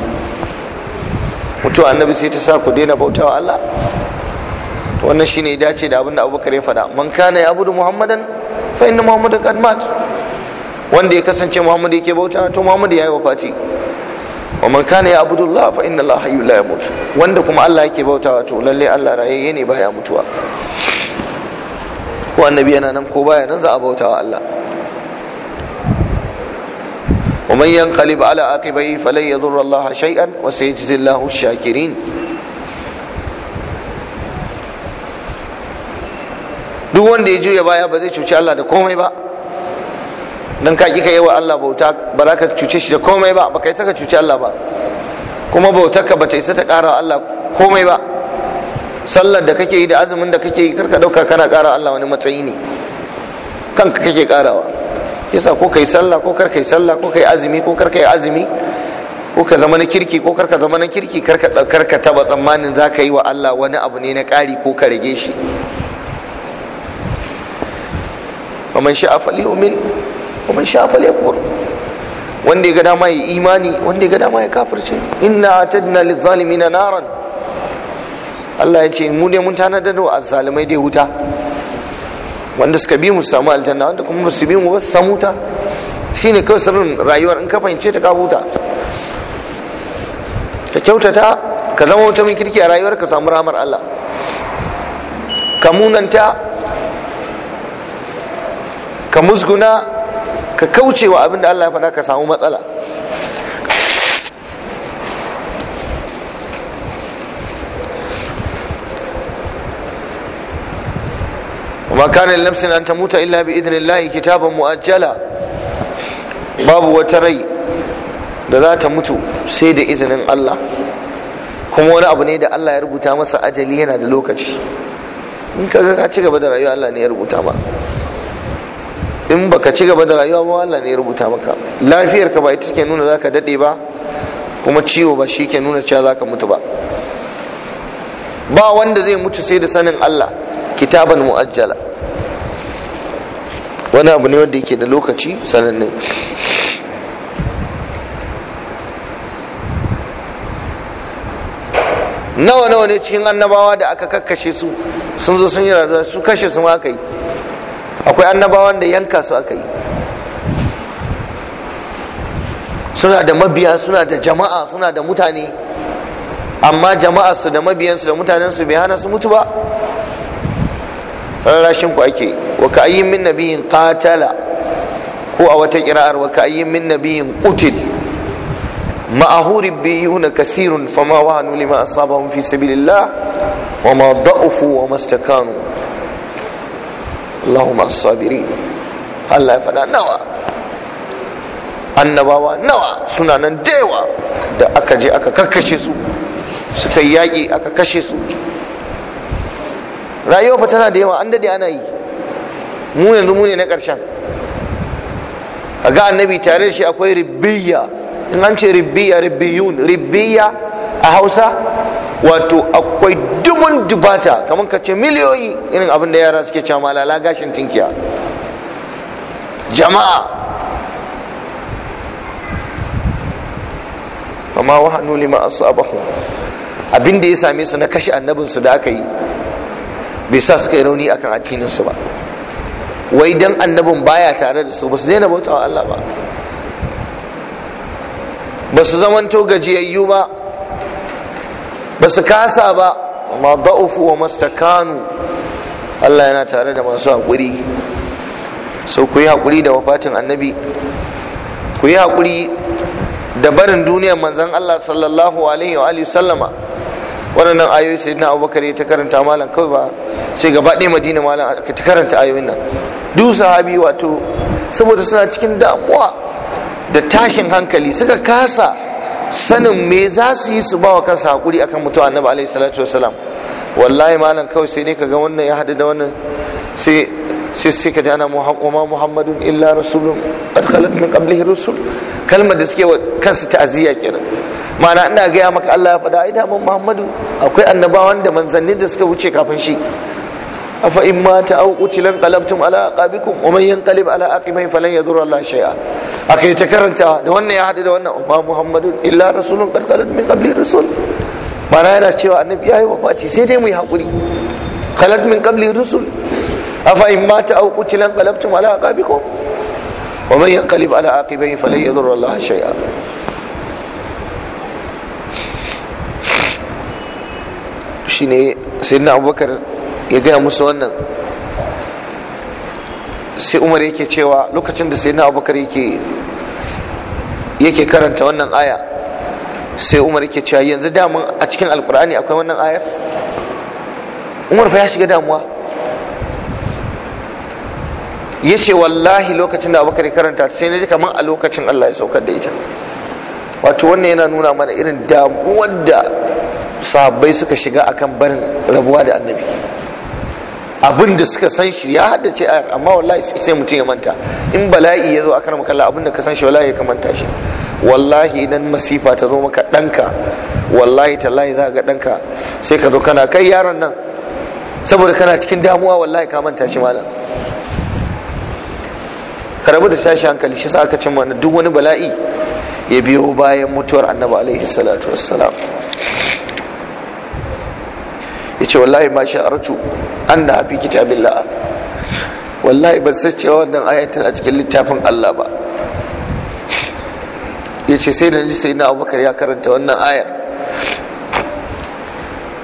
mutuwa annabi sai ta sa ku daina bautawa Allah wannan shine ya dace da abin da Abubakar ya faɗa man kana ya abudu Muhammadan fa inna Muhammadan kadmat. mat wanda ya kasance muhammadu yake bauta to ya yi wafati wa man kana ya abudu Allah fa inna Allah hayyul la yamut wanda kuma Allah yake bautawa to lalle Allah rayayye ne baya mutuwa ko annabi yana nan ko baya nan za a bauta wa Allah wa man yanqalib ala aqibai falan yadhurra Allah shay'an wa sayajzi Allahu shakirin duk wanda ya juya baya ba zai cuci Allah da komai ba dan ka kika yawa Allah bauta ba za ka cuce shi da komai ba ba kai saka cuci Allah ba kuma bautarka ba ta isa ta ƙara Allah komai ba sallar da kake yi da azumin da kake yi karka dauka kana kara Allah wani matsayi ne kanka kake karawa yasa ko kai sallah ko kar kai sallah ko kai azumi ko kar kai azumi ko ka zama na kirki ko kar ka zama na kirki kar ka taba tsammanin za ka yi wa Allah wani abu ne na kari ko ka rage shi ومن شاء فليؤمن ومن شاء فليكفر wanda ya ga dama ya imani wanda ya ga dama ya kafirce inna atadna lizzalimina naran Allah ya ce mu ne mun tanadar da azzalimai dai wuta wanda suka bi mu samu aljanna wanda kuma su bi mu ba su samu wuta shine kawai sirrin rayuwar in ka fahimce ta ka huta ka kyautata ka zama wata mai kirki a rayuwar ka samu ramar Allah ka munanta ka musguna ka kaucewa abin da Allah ya faɗa ka samu matsala wa kana nafsin an tamuta illa bi idnillahi kitaban muajjala babu wata rai da za ta mutu sai da izinin Allah kuma wani abu ne da Allah ya rubuta masa ajali yana da lokaci in ka ka ci gaba da rayuwa Allah ne ya rubuta ba? in baka ci gaba da rayuwa ba Allah ne ya rubuta maka lafiyar ka ba ita ke nuna zaka dade ba kuma ciwo ba shi ke nuna cewa zaka mutu ba ba wanda zai mutu sai da sanin Allah kitaban mu'ajjala wani abu ne wanda yake da lokaci sanin ne nawa nawa ne cikin annabawa da aka kakkashe su sun zo sun yi rada su kashe su aka yi akwai annabawan da yanka su aka yi suna da mabiya suna da jama'a suna da mutane amma jama'ar su da mabiyansu da mutanen su bai hana su mutu ba rarrashin ku ake wa ka ayyin min nabiyin qatala ko a wata kira'ar wa ka ayyin min nabiyin qutil ma'ahu ribbiyuna kasirun fama wahanu lima asabahum fi sabilillah wa ma da'ufu wa mastakanu Allahumma sabirin Allah ya faɗa nawa annabawa nawa suna nan da da aka je aka karkashe su suka yi yaƙi aka kashe su rayuwa fa tana da yawa an dade ana yi mu yanzu mu ne na ƙarshen a ga annabi tare da shi akwai ribbiya in an ce ribbiya ribiyun ribiya a hausa wato akwai dubun dubata kamar ka ce miliyoyi irin abinda yara suke cewa lala gashin tinkiya jama'a amma wahanu lima asabahum abin da ya same su na kashe annabinsu da aka yi bai sa suka yi rauni akan addininsu ba wai dan annabin baya tare da su ba su daina bautawa Allah ba ba su zamanto gajiyayyu ba ba su kasa ba ma da'ufu wa mastakanu Allah yana tare da masu haƙuri sau ku yi haƙuri da wafatin annabi ku yi haƙuri da barin duniyar manzon Allah sallallahu alaihi wa sallama waɗannan ayoyi sai na abubakar ya ta karanta malam kawai ba sai gaba ɗaya madina malam ta karanta ayoyin nan duk sahabi wato saboda suna cikin damuwa da tashin hankali suka kasa sanin me za su yi su bawa kansa hakuri akan mutuwa annabi alaihi salatu wasalam wallahi malam kawai sai ne kaga wannan ya haɗu da wannan sai sai sai ka ji ana muhammadun illa rasulun qad khalat min qablihi rusul kalmar da suke wa kansu ta'aziyya kenan mana ina gaya maka Allah ya faɗa ai da Muhammadu akwai annabawan da manzannin da suka wuce kafin shi afa in ma ta au qutilan qalabtum ala aqabikum wa man yanqalib ala aqimai falan yadurra Allah shay'a akai ta karanta da wannan ya hadu da wannan umma Muhammadu illa rasulun qad khalat min qabli rusul mana yana cewa annabi ya yi wafati sai dai mu yi hakuri khalat min qabli rusul afa in ma ta au qutilan qalabtum ala aqabikum wa man yanqalib ala aqibaihi falan yadurra Allah shay'a ne sai na abubakar ya gaya musu wannan sai umar yake cewa lokacin da sai na abubakar yake yake karanta wannan aya sai umar yake cewa yanzu damun a cikin alkur'ani akwai wannan ayar umar fa ya shiga damuwa ya ce wallahi lokacin da abubakar ya karanta sai na ji kamar a lokacin allah ya saukar da ita wato wannan yana nuna mana irin damuwar da sahabbai suka shiga akan barin rabuwa da annabi abin da suka san shi ya haddace ayar amma wallahi sai mutum ya manta in bala'i ya zo a kan makalla abin da ka san shi wallahi ya kamanta shi wallahi idan masifa ta zo maka ɗanka wallahi tallahi za ga ɗanka sai ka zo kana kai yaron nan saboda kana cikin damuwa wallahi ka manta shi malam ka rabu da tashi hankali shi sa aka cin duk wani bala'i ya biyo bayan mutuwar annabi alaihi salatu wassalam yace wallahi ma sha'artu anna fi kitabillah wallahi ban san cewa wannan ayatin a cikin littafin Allah ba yace sai da ji sai na Abubakar ya karanta wannan ayar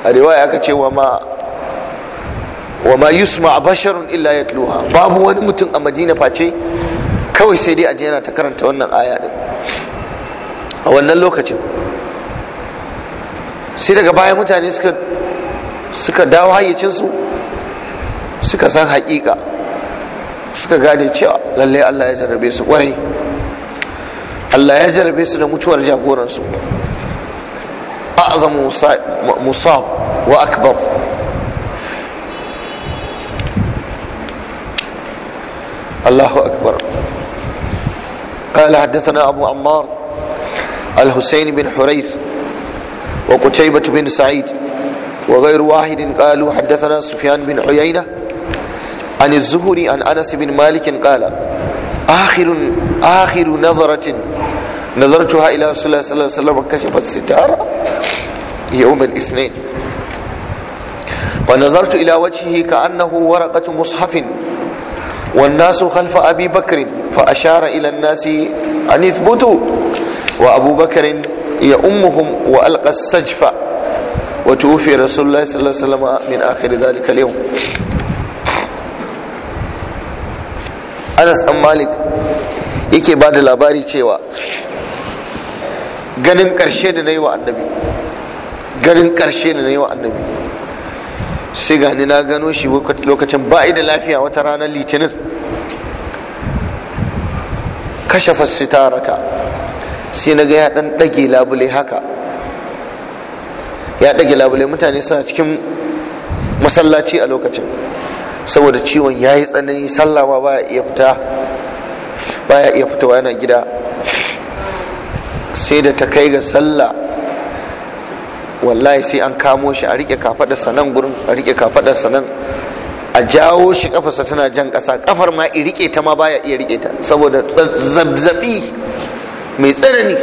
a riwaya aka ce wa ma wa ma yusma basharun illa yatluha babu wani mutum a Madina face kawai sai dai aje yana ta karanta wannan aya din a wannan lokacin sai daga baya mutane suka suka dawo hayyacinsu suka san haƙiƙa suka gane cewa lallai allah ya jarrabe su kwarai allah ya jarrabe su da mutuwar jagoransu a'azam musab wa akbar الله أكبر قال حدثنا أبو عمار الحسين بن حريث وقتيبة بن سعيد وغير واحد قالوا حدثنا سفيان بن عيينة عن الزهري عن أنس بن مالك قال آخر آخر نظرة نظرتها إلى رسول الله صلى الله عليه وسلم كشف الستارة يوم الاثنين ونظرت إلى وجهه كأنه ورقة مصحف والناس خلف أبي بكر فأشار إلى الناس أن يثبتوا وأبو بكر يأمهم وألقى السجف وتوفي رسول الله صلى الله عليه وسلم من آخر ذلك اليوم Anas ɗan Malik yake ba da labari cewa ganin karshe da na yi wa annabi ganin ƙarshe da na yi wa annabi sai gani na gano shi lokacin ba'i da lafiya wata ranar litinin kashe fasita rata sai na gaya ya ɗan ɗage labule haka ya ɗage labule mutane suna cikin masallaci a lokacin saboda ciwon ya yi tsanani sallah ma baya iya fita baya iya fitowa yana gida sai da ta kai ga sallah wallahi sai an kamo shi a rike kafadarsa nan gurin a rike kafadarsa nan a jawo shi kafarsa tana jan ƙasa kafar ma i rike ta ma baya iya rike ta saboda zazzabi mai tsanani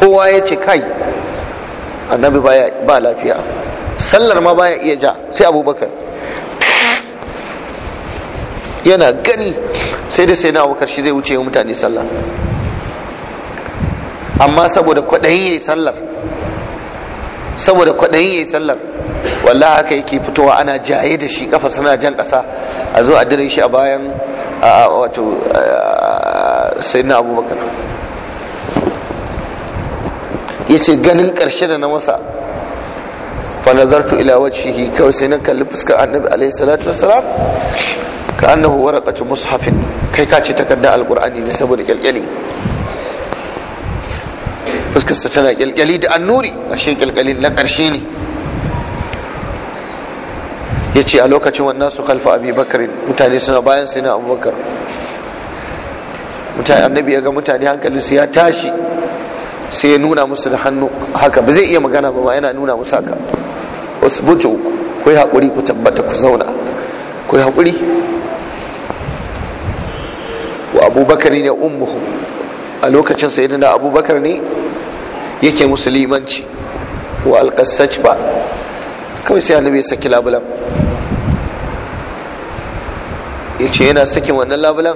kowa ya ce kai annabi ba lafiya sallar ma baya iya ja sai abubakar yana gani sai da sai na abubakar shi zai wuce mutane sallar. amma saboda kwaɗayin yayi sallar saboda kwaɗayin yayi sallar wallah haka yake fitowa ana jaye da shi kafa suna jan ƙasa a zo a dire shi a bayan wato sai na abubakar ya ce ganin ƙarshe da na masa fanazartu ila wajhihi kawai sai na kalli fuskar annabi alaihi mushafin kai ka ce takardar alƙur'ani ne saboda kyalkyali fuskar tana kyalkyali da annuri ashe kyalkyali na ƙarshe ne a lokacin wannan su khalfa abi mutane suna bayan sai na abubakar mutane annabi ya ga mutane hankalinsu ya tashi sai ya nuna musu da hannu haka ba zai iya magana ba yana nuna musu haka usbutu ku yi haƙuri ku tabbata ku zauna ku haƙuri wa abubakar ne ummuhu a lokacin da abubakar ne yake musulmanci wa alƙasaj ba kawai sai annabi ya saki labulan ya ce yana sakin wannan labulan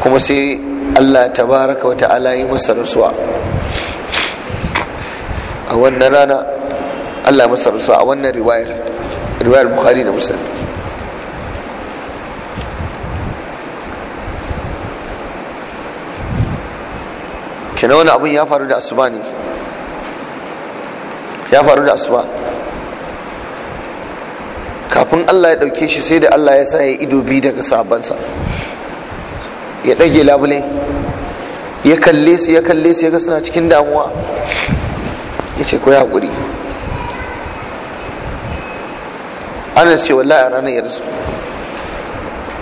kuma sai Allah tabaraka wa ta'ala yi masa rasuwa a wannan rana Allah masa rasuwa a wannan riwayar riwayar Bukhari da Muslim kina wani abun ya faru da asuba ne ya faru da asuba kafin Allah ya dauke shi sai da Allah ya sa ya ido bi daga sabansa ya ɗage labule ya kalle su ya kalle su ya ga suna cikin damuwa ya ce ko ya haƙuri ana ce wallahi a ranar yarsu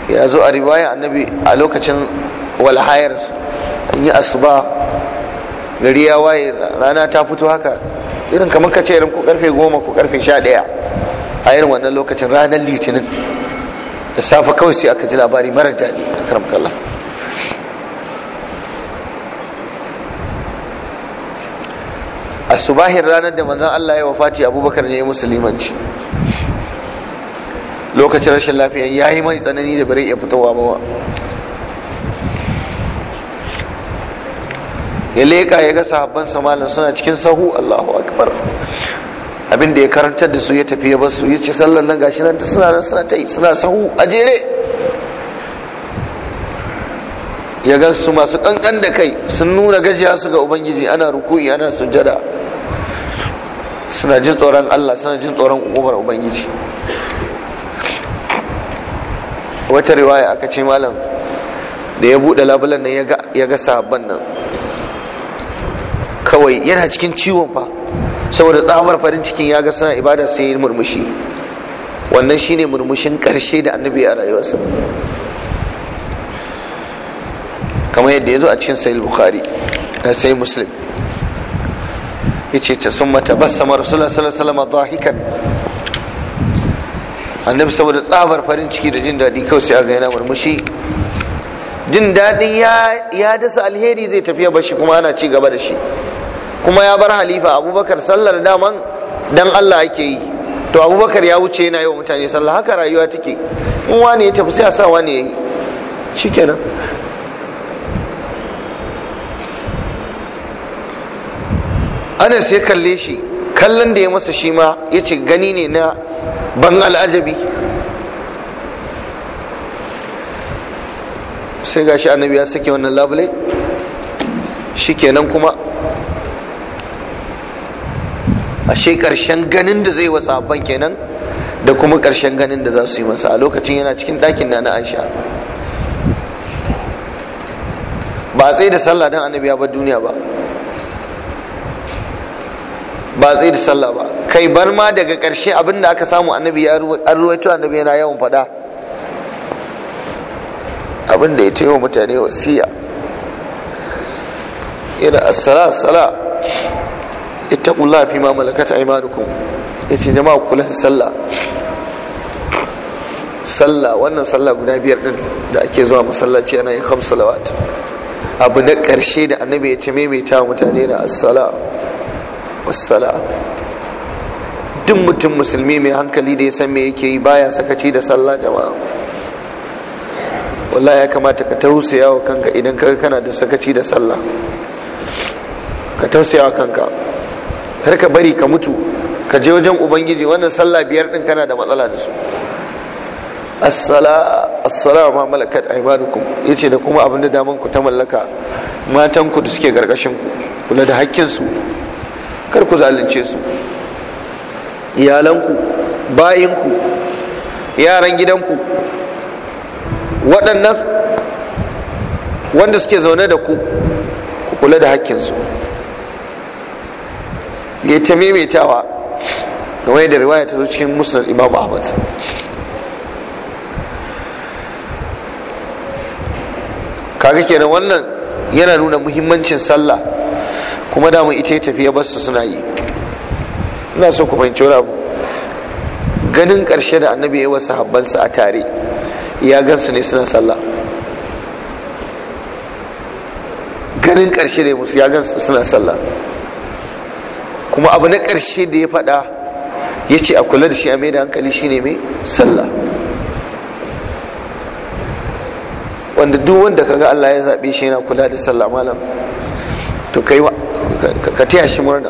ya zo a riwaya annabi a lokacin walhayar an yi asuba gari ya waye rana ta fito haka irin kamar ka ce irin ko karfe goma ko karfe sha ɗaya a irin wannan lokacin ranar litinin da safe kawai sai aka ji labari mara daɗi a karamkalla a subahin ranar da manzan Allah ya Fati abubakar ne ya musulmanci lokacin rashin lafiya ya yi mai tsanani da bari ya fitowa ba ya leƙa ya ga sahabban samalin suna cikin sahu Allahu akbar Abinda ya karantar da su ya tafi ya basu ya ce sallar nan gashi nan suna nan suna ta suna sahu a jere ya ga su masu kankan da kai sun nuna gajiya su ga ubangiji ana ruku'i ana sujada suna jin tsoron Allah suna jin tsoron ƙubar ubangiji wata riwaya aka ce malam da ya buɗe labulan nan ya ga sabon nan kawai yana cikin ciwon fa saboda tsamar farin cikin ya ga suna ibada sai murmushi wannan shine murmushin ƙarshe da annabi a rayuwarsa kamar yadda ya zo a cikin bukari bukhari eh, sayi muslim ce ta summa tabassama rasulullah sallallahu alaihi wasallam dahikan annabi saboda tsabar farin ciki da jin daɗi kawai sai aga yana murmushi jin daɗin ya dasa alheri zai tafiya bashi kuma ana ci gaba da shi kuma ya bar halifa abubakar sallar daman dan allah ake yi to abubakar ya wuce yana yi wa mutane sallah haka rayuwa take in wani ya tafi sai a sa wani ya yi shikenan anas ya kalle shi kallon da ya masa shi ma ya ce gani ne na ban al'ajabi sai gashi annabi ya sake wannan labule shi kenan kuma ashe karshen ganin da zai wasa ban kenan da kuma karshen ganin da za su yi masa a lokacin yana cikin ɗakin na na aisha ba a tsaye da sallah don annabi ya bar duniya ba ba zai da sallah ba kai bar ma daga ƙarshe abin da aka samu annabi an ruwaito annabi yana yawan faɗa abin da ya taiwa mutane wasiya yana assala sala ittaqullah fi ma malakat aymanukum yace jama'a kula su sallah sallah wannan sallah guda biyar din da ake zuwa masallaci ana yin khamsalawat abu na ƙarshe da annabi ya ce maimaita mutane na assala wassalam duk mutum musulmi mai hankali da ya san me yake yi baya sakaci da sallah jama'a wallahi ya kamata ka tausaya wa kanka idan ka kana da sakaci da sallah ka tausaya wa kanka har ka bari ka mutu ka je wajen ubangiji wannan sallah biyar din kana da matsala da su assala ma malakat aimanukum yace da kuma abinda daman ku ta mallaka matan ku da suke gargashin ku kula da hakkin su kar ku zalunce su iyalanku bayinku yaran gidanku waɗannan wanda suke zaune da ku ku kula da su. ya ta maimaitawa game da riwaya ta zo cikin musulun imam ahmad kaga kenan wannan yana nuna muhimmancin sallah kuma damu ita ya tafiya ba su suna yi ina so ku fahimci wani abu ganin ƙarshe da annabi ya wasu habbansa a tare ya gansu ne suna sallah ganin ƙarshe da ya musu ya gansu suna sallah kuma abu na ƙarshe da ya faɗa ya ce a kula da shi a mai da hankali ne mai sallah wanda duk wanda kaga Allah ya zaɓe shi yana kula da sallah malam to kai ka taya shi murna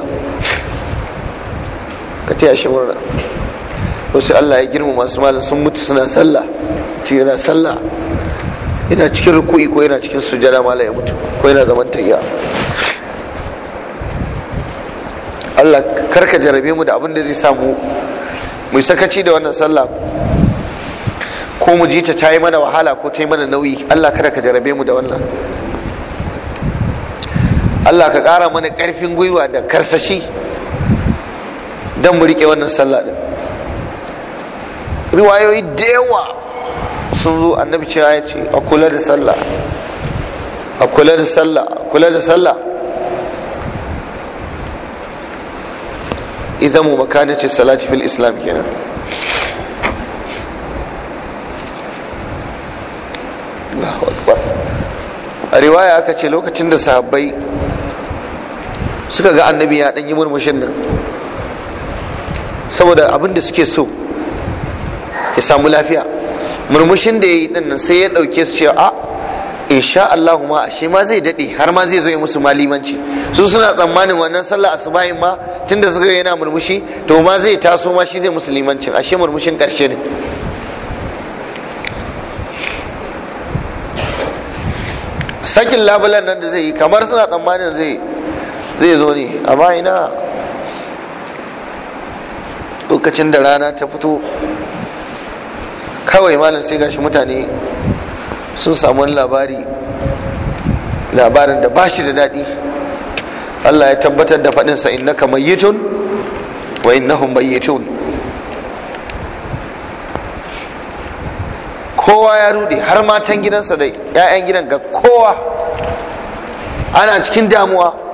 ka taya shi murna wasu Allah ya girma masu malam sun mutu suna sallah ci yana sallah yana cikin ruku'i ko yana cikin sujada malam ya mutu ko yana zaman tayya Allah karka jarabe mu da abin da zai samu mu sakaci da wannan sallah ko mu ji ta ta yi mana wahala ko ta yi mana nauyi Allah karka ka jarabe mu da wannan Allah ka ƙara mana ƙarfin gwiwa da karsashi don mu riƙe wannan sallah ɗin riwayoyi da yawa sun zo annabi cewa ya ce a kula da sallah a kula da sallah a kula da sallah idan mu ce salati fil islam kenan a riwaya aka ce lokacin da sahabbai suka ga annabi ya ɗanyi yi murmushin nan saboda abin da suke so ya samu lafiya murmushin da ya yi nan sai ya ɗauke su cewa a ah, insha Allah ma ashe ma zai daɗe har ma zai zo ya musu malimanci su suna tsammanin wannan sallah asubahin ma tunda suka yana murmushi to ma zai taso ma shi zai musu limancin ashe murmushin ƙarshe ne sakin labulan nan da zai yi kamar suna tsammanin zai zai zo ne amma ina lokacin da rana ta fito kawai malam sai gashi mutane sun samu wani labari labarin da bashi da daɗi Allah ya tabbatar da faɗinsa yi mayyitun wa yi mayyitun kowa ya rude har matan gidansa da 'ya'yan gidan ga kowa ana cikin damuwa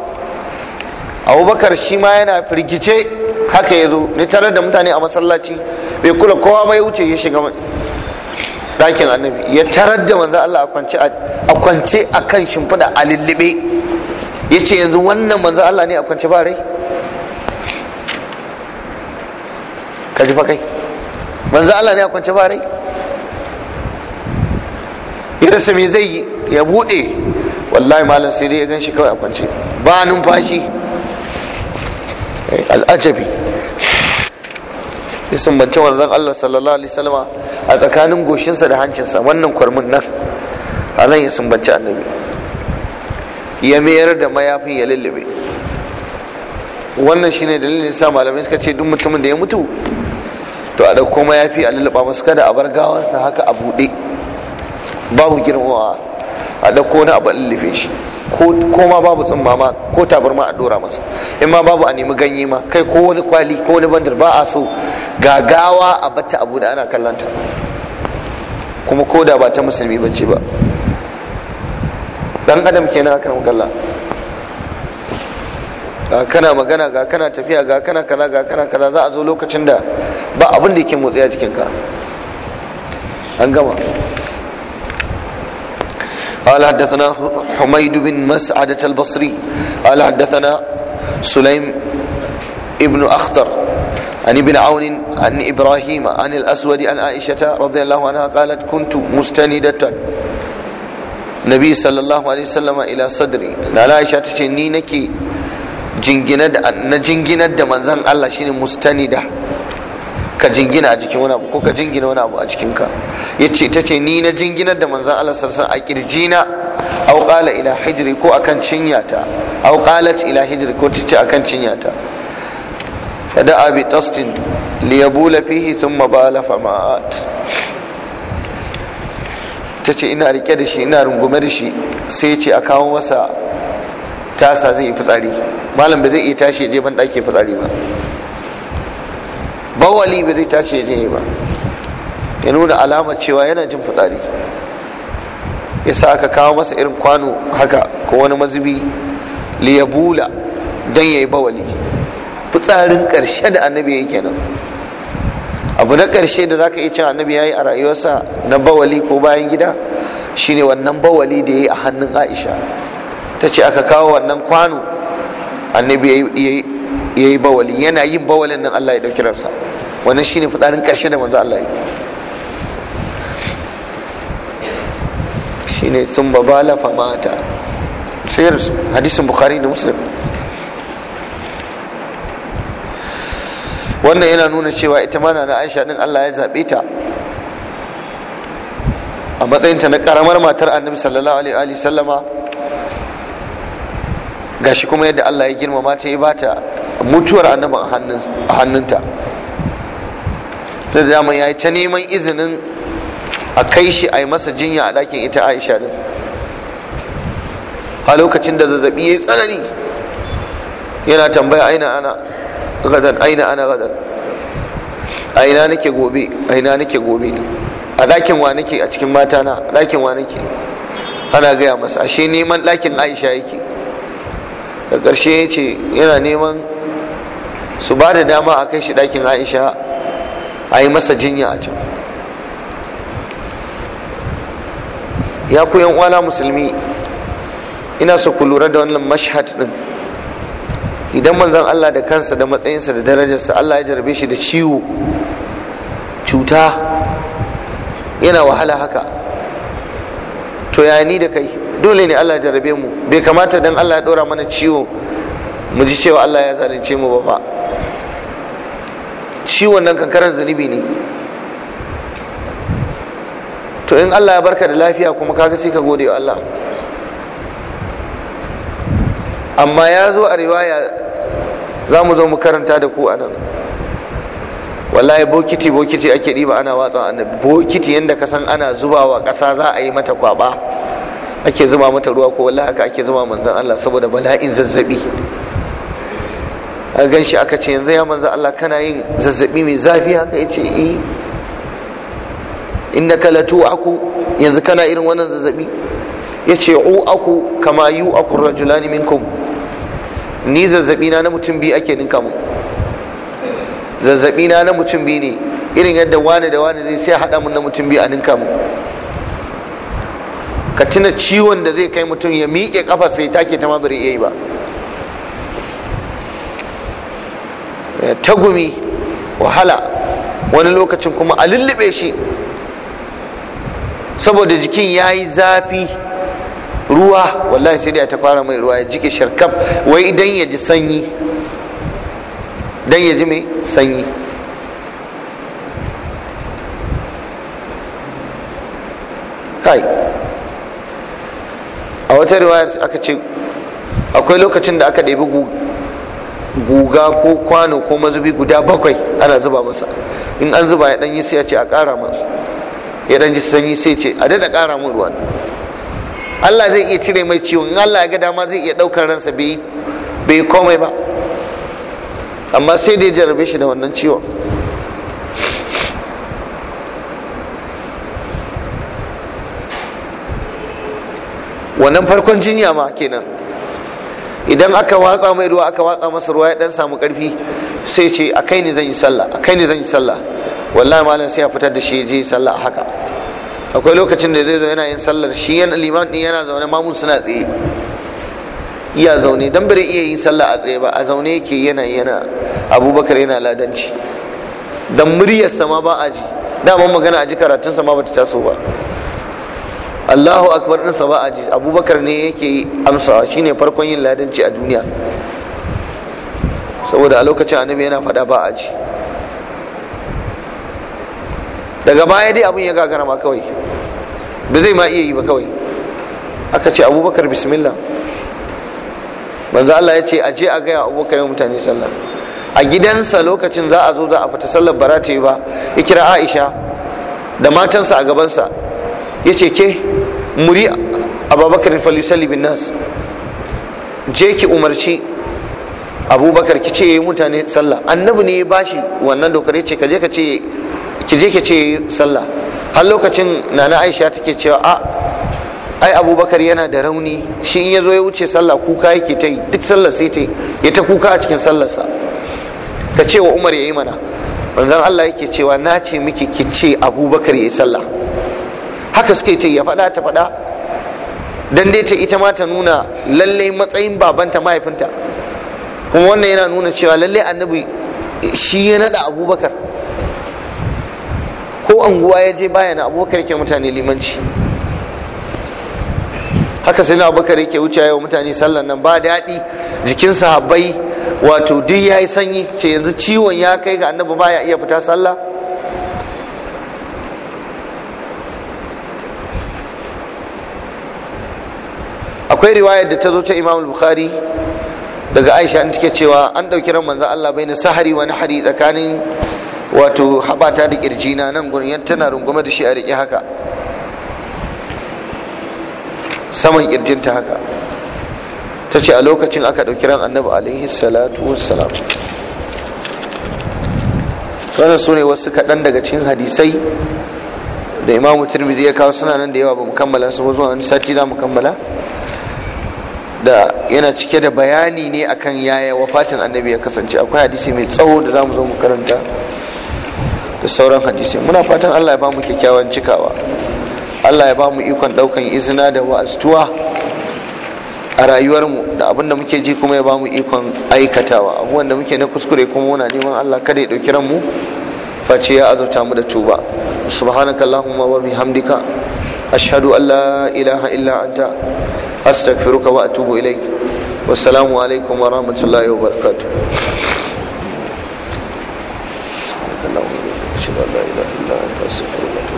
abubakar shi ma yana firgice haka ya zo ni tare da mutane a masallaci bai kula kowa mai wuce ya shiga ɗakin annabi ya tarar da manzo Allah a kwance a kan shimfiɗa a lullube ya ce yanzu wannan manzo Allah ne a kwance ba rai ka ji fa kai manzo Allah ne a kwance ba rai ya rasa me zai yi ya buɗe wallahi malam sai dai ya gan shi kawai a kwance ba numfashi al'ajabi ya bance wanzan Allah sallallahu alaihi salama a tsakanin goshinsa da hancinsa wannan kwarmin nan a nan ya sumbanci annabi ya mayar da mayafin ya lullube wannan shi ne dalilin sa malamai suka ce duk mutumin da ya mutu to a dauko mayafi a lulluba masu kada a bar gawansa haka a buɗe babu girmawa a dauko na abu a lullube shi ko ma babu sun ma ko tabarma a dora masa in ma babu a nemi ganye ma kai ko wani kwali ko wani bandar ba a so gagawa a batta abu da ana kallanta kuma ko da ba ta musulmi ce ba dan adam ke kenan akan kalla ga kana magana ga kana tafiya ga kana kaza ga kana kaza za a zo lokacin da ba abin da yake motsi a jikinka an gama قال حدثنا حميد بن مسعدة البصري قال حدثنا سليم ابن أخطر عن ابن عون عن إبراهيم عن الأسود عن عائشة رضي الله عنها قالت كنت مستندة النبي صلى الله عليه وسلم إلى صدري أنا عائشة تشني نكي جنجند نجنجند من زن الله شين مستندة ka jingina a jikin wani abu ko ka jingina wani abu a jikinka ta ce ni na jinginar da manzan Allah sarsan a kirjina aw qala ila hijri ko akan cinyata aw qalat ila hijri ko tace akan cinyata fada'a bi tastin liyabula fihi thumma bala fama'at ce ina rike da shi ina rungume da shi sai ce a kawo masa tasa zai yi fitsari malam ba zai iya tashi ya je ban ɗaki fitsari ba bawali ba zai tashi je ba ya nuna alamar cewa yana jin fitsari ya sa aka kawo masa irin kwano haka ko wani mazubi liyabula don ya yi bawali fitsarin ƙarshe da annabi ya yi kenan abu na ƙarshe da za ka iya cin annabi ya yi a rayuwarsa na bawali ko bayan gida shine wannan bawali da ya yi a hannun aisha ta ce aka kawo wannan kwano annabi ya yi bawalin yana yin bawalin nan Allah ya ɗauki rarsa wannan shine fitsarin ƙarshe da manzo Allah ya yi ne sun babala fa mata sayar hadisin bukhari da muslim wannan yana nuna cewa ita mana na aisha din Allah ya zaɓe ta a matsayinta na ƙaramar matar annabi sallallahu alaihi sallama gashi kuma yadda Allah ya girmama ta ya bata mutuwar annaba a hannunta da dama ya yi ta neman izinin a kai shi a yi masa jinya a ɗakin ita aisha din a lokacin da zazzabi ya yi tsanani yana tambaya aina ana gadan aina ana gadan a ina nake gobe a ina nake gobe a ɗakin wa nake a cikin mata a ɗakin wa nake ana gaya masa ashe neman ɗakin aisha yake da ƙarshe ya ce yana neman su ba da dama a kai shi ɗakin aisha a yi masa jinya a can ya ku uwana musulmi ina su ku lura da wannan mashhad ɗin. idan manzon Allah da kansa da matsayinsa da darajarsa Allah ya jarabe shi da ciwo cuta yana wahala haka to ya ni da kai dole ne Allah jarabe mu bai kamata dan Allah ya dora mana ciwo mu ji cewa Allah ya zalunce mu ba fa ciwon nan kankaran zunubi ne to in Allah ya barka da lafiya kuma kaga sai ka gode wa Allah amma ya zo a riwaya za mu zo mu karanta da ku a wallahi bokiti bokiti ake riba ana watsa annabi bokiti yanda ka san ana zubawa ƙasa za a yi mata kwaba ake zuba mata ruwa ko wallahi haka ake zuba manzon Allah saboda bala'in zazzabi a gan shi aka ce yanzu ya manzon Allah kana yin zazzabi mai zafi haka yace eh innaka latu'aku yanzu kana irin wannan zazzabi yace u'aku kama yu'aku rajulani minkum ni zazzabi na na mutum biyu ake ninka mu zazzabi na na mutum biyu ne irin yadda wani da wani zai sai haɗa mun na mutum biyu a ninka mu ka tuna ciwon da zai kai mutum ya miƙe kafa sai take ta ma bari iya yi ba eh, tagumi wahala wani lokacin kuma a lullube shi saboda jikin ya yi zafi ruwa wallahi sai da ta fara mai ruwa ya jike sharkaf wai idan ya ji sanyi don ya ji mai sanyi kai a wata riwayar aka ce akwai lokacin da aka ɗabi guga ko kwano ko mazubi guda bakwai ana zuba masa in an zuba ya ɗanyi sai ya ce a ƙara masu, ya ɗan ji sanyi sai ce a daɗa ƙara mun ruwan Allah zai iya cire mai ciwon Allah ya ga dama zai iya ɗaukar ransa bai komai ba amma sai da ya jarabe shi da wannan ciwon wannan farkon jinya ma kenan idan aka watsa mai ruwa aka watsa masa ruwa ya dan samu karfi sai ce a kai ne zan yi sallah a kai ne zan yi sallah wallahi malam sai a fitar da shi je yi sallah haka akwai lokacin da zai zo yana yin sallar shi yana liman din yana zaune mamun suna tsaye iya zaune dan bare iya yin sallah a tsaye ba a zaune yake yana yana abubakar yana ladanci dan muryar sama ba a ji daman magana a ji karatun sama bata taso ba Allahu akbar din sa ba a ji abubakar ne yake amsawa shine farkon yin ladanci a duniya saboda a lokacin annabi yana fada ba a ji daga baya dai abin ya gagara ma kawai ba zai ma iya yi ba kawai aka ce abubakar bismillah manzo Allah ya ce a je a gaya abubakar mutane sallah a gidansa lokacin za a zo za a fita sallar bara ta yi ba ya kira aisha da matansa a gabansa ya ce ke muri abubakar falisali bin nas je ki umarci abubakar ki ce ya yi mutane sallah annabi ne ya bashi wannan dokar ya ce ka je ka ce ki je ki ce sallah har lokacin nana aisha take cewa a ai abubakar yana da rauni shi in ya zo ya wuce sallah kuka yake ta yi duk sallar sai ta ya ta kuka a cikin sallarsa ka ce wa umar ya yi mana manzon allah yake cewa na ce miki ki ce abubakar ya yi sallah haka suka yi ya faɗa ta faɗa don dai ta ita ma ta nuna lallai matsayin babanta mahaifinta kuma wannan yana nuna cewa lallai annabi shi ya naɗa abubakar ko anguwa ya je baya abubakar ke mutane limanci haka sai na abubakar yake wuce yau mutane sallan nan ba daɗi jikin sahabbai wato duk ya yi sanyi ce yanzu ciwon ya kai ga annabi baya iya fita sallah akwai riwayar da ta zo ta imam bukhari daga aisha an take cewa an ɗauki ran manzan allah bai na sahari wani hari tsakanin wato haɓata da ƙirji na nan gurin tana rungume da shi a riƙe haka saman kirjinta haka ta ce a lokacin aka ɗauki ran annabi alaihi salatu wassalam wannan su ne wasu kaɗan daga cikin hadisai da imamu tirmidhi ya kawo suna nan da yawa ba mu kammala su ba wani sati za mu kammala da yana cike da bayani ne akan yaya wafatin annabi ya kasance akwai hadisi mai tsawo da za mu zo mu karanta da sauran hadisi muna fatan allah ya ba mu kyakkyawan cikawa Allah ya ba mu ikon daukan izina da wa'aztuwa a rayuwarmu da abin da muke ji kuma ya ba mu ikon aikatawa abubuwan da muke na kuskure kuma muna neman Allah kada ya dauki ranmu face ya azurta mu da tuba subhanakallahumma wa bihamdika ashhadu an la ilaha illa anta astaghfiruka wa atubu ilaik wassalamu alaikum wa rahmatullahi wa barakatuh اللهم اشهد ان لا اله الا